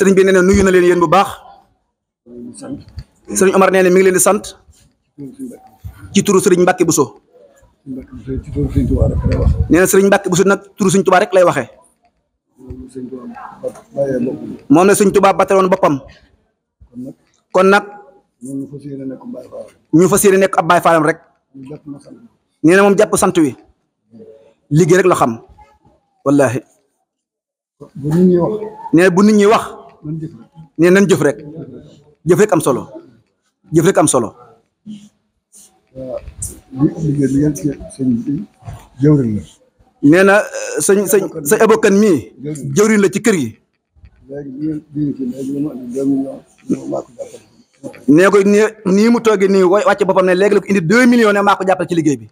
serigne bi nee nuyu na len yeen bu baax serigne Omar nee mi ngi len di sante ci turu serigne Mbacke Bousso neena serigne Mbacke Bousso nak turu serigne Touba rek lay waxe mom la serigne Touba won bopam kon nak ñu fasiyene nek nekk ab Baay Faalam rek neena mom japp sante wi liggéey rek la xam wallahi bu nit ñi wax ne bu nit ñi wax. nee nañ jëf rek jëf am solo jëf rek am solo. na eh, sëñ sëñ sëñ abokan mii jëwriñ la ci kër gi. nee ko nii nii mu toogee nii wàcce boppam ne léegi la ko indi deux millions ne maa ko jàppale ci liggéey bi.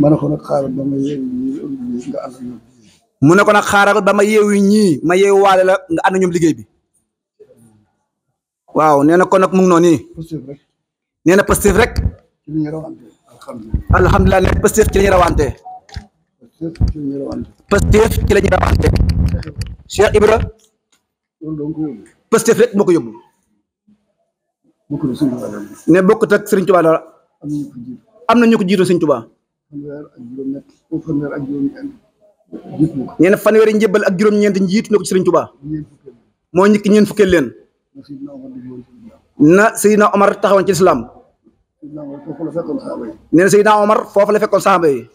ma ne ko nag xaaral mu ne ko nag xaaral ba ma yeewu ñii ma yeewu waale la nga ànd ñoom liggéey bi waaw nee na kon nag mu ngi noonu nee na positif rek alhamdulilah nee positif ci la ñu rawante positif ci la ñu rawante cheikh ibra positif rek moo ko yóbbu ne bokkut ak sëriñ tuba dara am na ñu ko jiitu serigne touba neena fanweeri njëbal ak juroom ñent ñiit na ko ci sëriñ Tuubaa moo ñëkk ñeen fukkeel na Seydina Omar taxawon ci islam ñen na Omar fofu la fekkon sahaba yi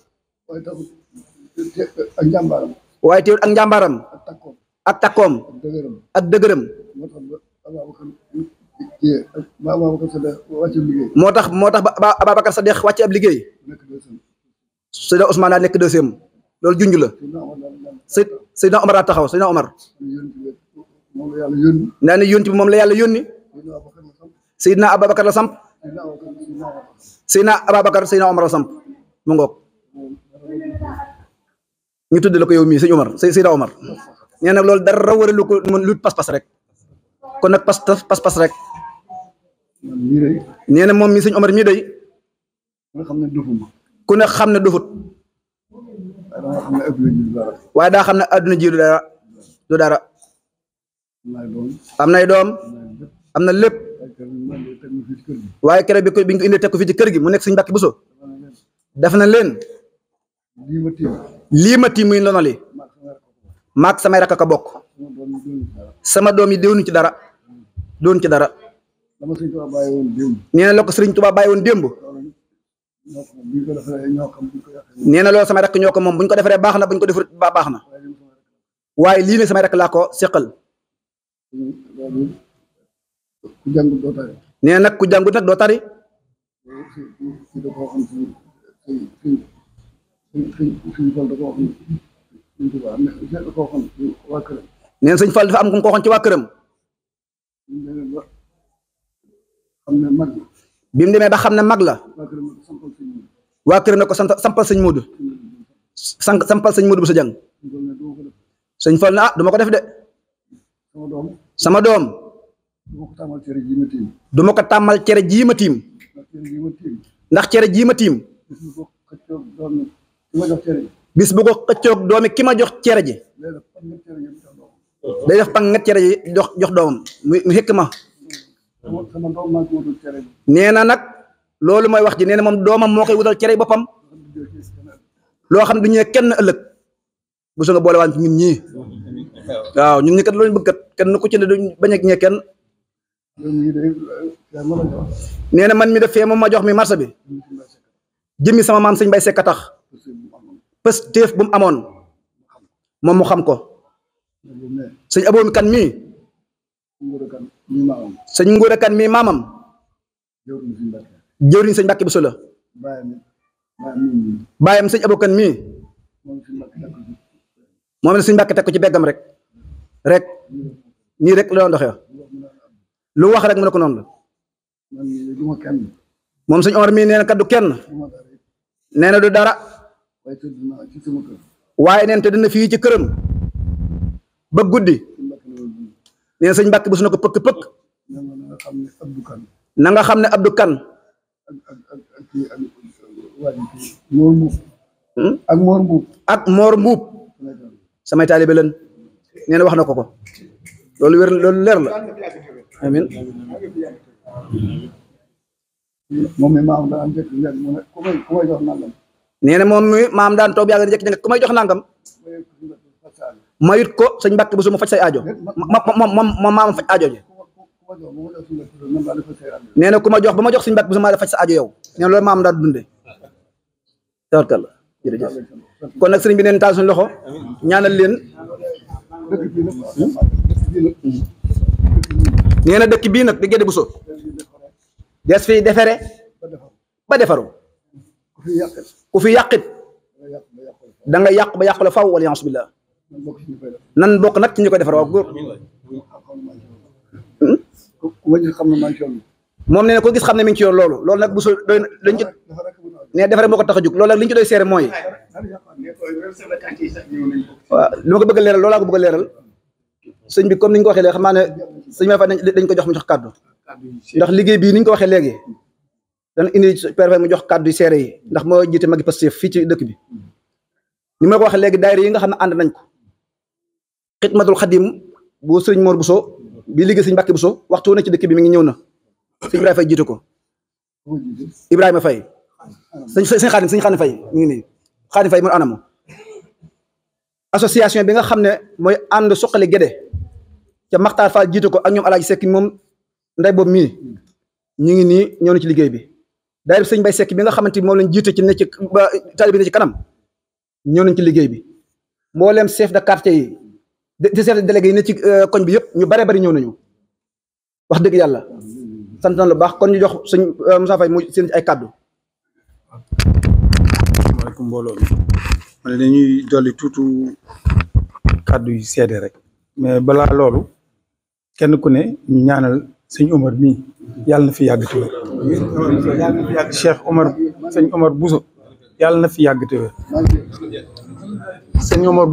waaye teewul ak njàmbaaram ak takkoom ak dëgërëm moo tax moo tax ba Ababacar Sadiq wàcce ab liggéey Seydina usman la nek deuxième lol junj la sayyidna umar Omar taxaw sayyidna Omar nani na yónni bi moom la yalla yoni sayyidna abubakar la samp Seydina Ababacar Seydina Omar samp mu ngok ñu tudde lako yow mi sayyid Omar sayyidna Omar nee nak lol dara wara lu lu pas-pas rek kon nak pas pas-pas rek nee mom mi mii Omar mii day ku ne xam ne dofut waaye daa xam ne adduna ji du dara du dara am nay doom am na lépp waaye kere bi ko bi ñu ko indee teg ko fii ci kër gi mu nekk suñu mbàkk buso def na leen lii ma tiim muy ndono li samay rakk ka bokk sama doom yi déwnu ci dara doon ci dara nee na la ko sëriñ bàyyi woon démb nee na loolu samay rakk ñoo ko moom bu ko defaree baax na bu ñu ko defut ba baax na waaye lii ne samay rakk laa ko nag ku jàngut nag doo tari neen sëñ Fall am ku mu ci waa këram bi demee ba xam ne mag la wa kër na ko sampal seigne Modou sampal seigne Modou bu sa jang seigne Fall na duma ko def de sama dom. duma ko tamal cere jii ma tiim ndax cere jii ma bis bu ko xëccoog domi kima jox cere ji day def pang nga cere ji jox jox dom mu xëkk ma nee loolu mooy wax ji nee na moom doomam moo koy wutal cere boppam loo xam ne du ñëwee kenn ëllëg bu su nga boolewaan ci ñun ñii waaw ñun ñi kat loolu bëgg kat kenn ku ci ne duñ bañ a ñee man mi def fee moom ma jox mi marché bi jëmmi sama maam sëñ bay sekk tax pës téef bu mu amoon moom mu xam ko sëñ aboomi kan mii sëñ nguur a kan mii maamam jëwriñ seigne mbacke bu solo Bayam sëñ Abu Kan mi moom seigne mbacke Mbàkke ci begam rek rek ni rek lo doon doxee ya? lu wax rek mu ne ko noonu la mom seigne Omar mi neena na kaddu kenn neena du dara waye neen te dina fi ci kërëm ba guddi mbacke bu sunako Mbàkke Buso na ko abdou kan na nga xam ne Abdou Kan ak Mor Mbuub ak Mor Mbuub samay taalibe leen nee wax na ko ko loolu wér la amin momi maam daan njëkk njëkk mu ne may ku may jox nangam maam daan may jox nangam mayut ko bu say aajo maam aajo nee kuma jox bama jox seigne bat bu sama dafa faj sa aajo yow nee lo loolu maam daal dundee tawarkal jere jërëjëf kon nak seigne bi neen taal suñu loxo ñaanal leen nee dekk bi nak nag di buso des fi defere ba defaru ku fi yaqit da nga yaq ba yaq la faw yas billah nan bok nak ci ñuko defar wa wañu xam na ma ci yoon mom neena ko gis xam na mi ngi ci yoon loolu loolu nak bu so lañ ci ne defare moko taxaju juk loolu nak liñ ci doy séré moy wa lima ko bëgg leral loolu ko bëgg leral señ bi comme niñ ko waxé légui xamane señ ma fa dañ ko jox mu jox cadeau ndax liggéey bi niñ ko waxé légui dañ indi perfect mu jox cadeau séré yi ndax mo jité magi passif fi ci dëkk bi ni ma ko waxé légui daayira yi nga xamne and nañ ko khidmatul khadim bo señ mor bu so bi liggéey sëñ Mbàkke so waxtu na ci dëkk bi mi ngi ñëw na sëñ Ibrahima Faye jiite ko Ibrahima fay sëñ sëñ Xaadim sëñ Xaadim Faye mi ngi nii Xaadim Faye mu anamu association bi nga xam ne mooy ànd suqali Guédé ca Maxtaar Fall jiite ko ak ñoom Alaaji Sekk moom nday boobu mi ñu ngi nii ñëw na ci liggéey bi daayira sëñ Bay Sekk bi nga xamante moom lañ jiite ci ne ci taalibe ne ci kanam ñëw nañ ci liggéey bi mbooleem chef de quartier yi di chef de délégué yi ne ci euh, koñ bi yëpp ñu bare bari ñëw nañu wax dëgg yàlla sant lu baax kon ñu jox sëñ euh, Moussa Faye mu seen ay kàddu. asalaamaaleykum mbooloo dañuy dolli tuuti kàddu yu seede rek mais balaa loolu kenn ku ne ñu ñaanal sëñ Omar mii yàlla na fi yàgg te wér. yàlla na fi yàgg Cheikh Omar yàlla na fi yàgg te wér sëñ Omar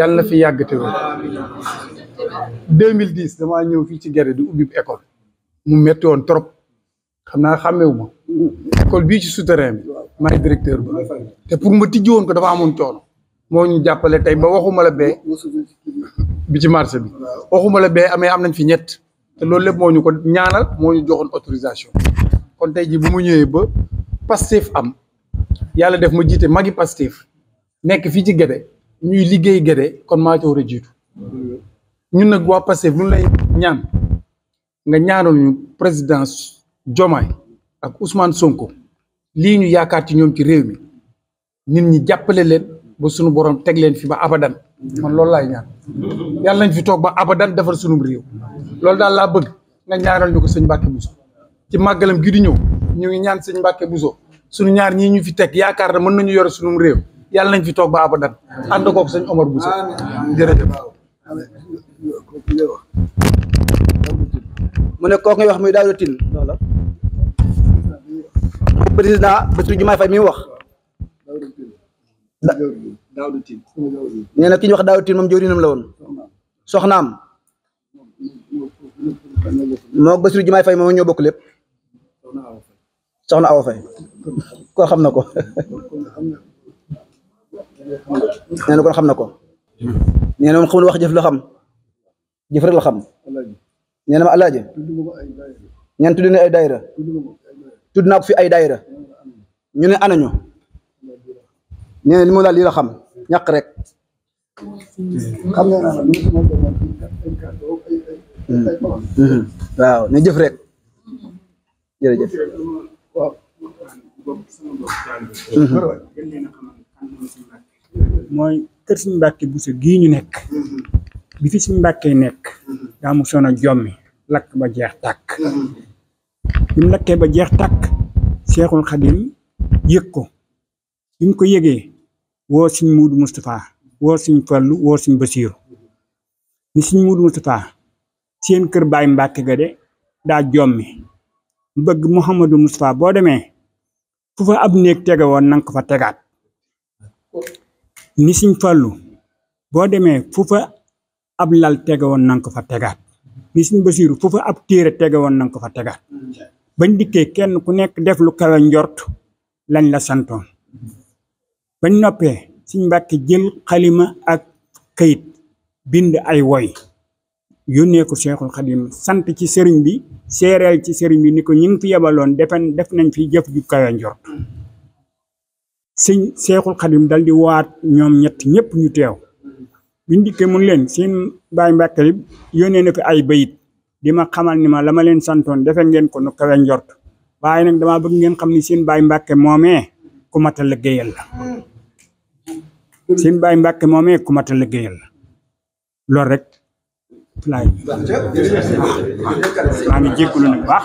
yàlla na fi yàgg te mille 2010 damaa ñëw fii ci gerte di ubbi école mu metti woon trop xam naa xàmmewu ma école bii ci souterrain bi maay directeur ba te pour ma tijji woon ko dafa amoon coono moo ñu jàppale tey ba waxuma la bee ci marché bi waxuma la bee amee am nañ fi ñett te loolu lépp moo ñu ko ñaanal moo ñu joxoon autorisation kon tey ji mu ñëwee ba Pastef am yàlla def ma jiite magi pastif nekk fii ci gerte ñuy liggéey Guédé kon maa ci war a jiitu ñun nag waa Pastef lu na ñaan nga ñaanal ñu président Diomaye ak Ousmane Sonko lii ñu yaakaar ci ñoom ci réew mi nit ñi jàppale leen ba sunu borom teg leen fi ba abadan man loolu laay ñaan yàlla nañ fi toog ba abadan defar sunum réew loolu daal laa bëgg nga ñaanal ñu ko sëñ Mbacke Bousso ci màggalam gi di ñëw ñu ngi ñaan sëñ Mbacke Bousso sunu ñaar ñii ñu fi teg yaakaar na mën nañu yore sunum réew yalla nañ fi tok ba abadan ànd ko sëñ Omar Bousso jërëjëf mu ne ko ngay wax muy Daouda Tine loola président Bassirou Diomaye fay mi wax Daouda Tine nee na ki ñu wax Daouda mom moom jëwriñam la woon soxnaam moo Bassirou Diomaye fay mo ñoo bokk lepp soxna Awa Faye koo ko xamna ko nee kon xam na ko nee moom xamul wax jëf la xam jëf rek la xam nee na ma alaaji ñan tudd na ay fi ay daayira ñu ne anañu nee na li mu daal lii la xam ñàkk rek mm-hmm. waaw ne jëf rek mooy kër suñu bu buso gii ñu nekk bi fi suñu mbàkkee nekk daa mu soon a jommi lakk ba jeex tàkk bi lakkee ba jeex tàkk seexul xadim yëg ko bi ko yëgee woo suñ muudu moustapha woo suñ fallu woo suñ basiiru ni suñ muudu moustapha seen kër baay mbàkke ga de daa jommi bëgg Mouhamadou Moustapha boo demee fu fa ab néeg tege woon nanga ko fa tegaat ni siñ falu boo demee fu ab lal tege woon na ko fa tegaat ni siñ basiiru fu ab téere tege woon na ko fa tegaat bañ dikkee kenn ku nekk def lu kawe njort lañ la santoon bañ noppee siñ mbàkke jël xalima ak kayit bind ay woy yónnee ko Seexul Xadim sant ci sëriñ bi seereel ci sëriñ bi ni ko ñu ngi fi yebaloon defen def nañ fi jëf ju kawe njort si seexul xadim dal waat ñoom ñett ñëpp ñu teew biñ dikkee mun leen seen baay Mbàkke yónnee na fi ay bayit di ma xamal ni ma la leen santoon defe ngeen ko nu kawe njort waaye nag damaa bëgg ngeen xam ni seen baay Mbàkke moomee ku mat a liggéeyal la seen baay Mbàkke moomee ku mat a liggéeyal la rek maa ngi jégalu nag baax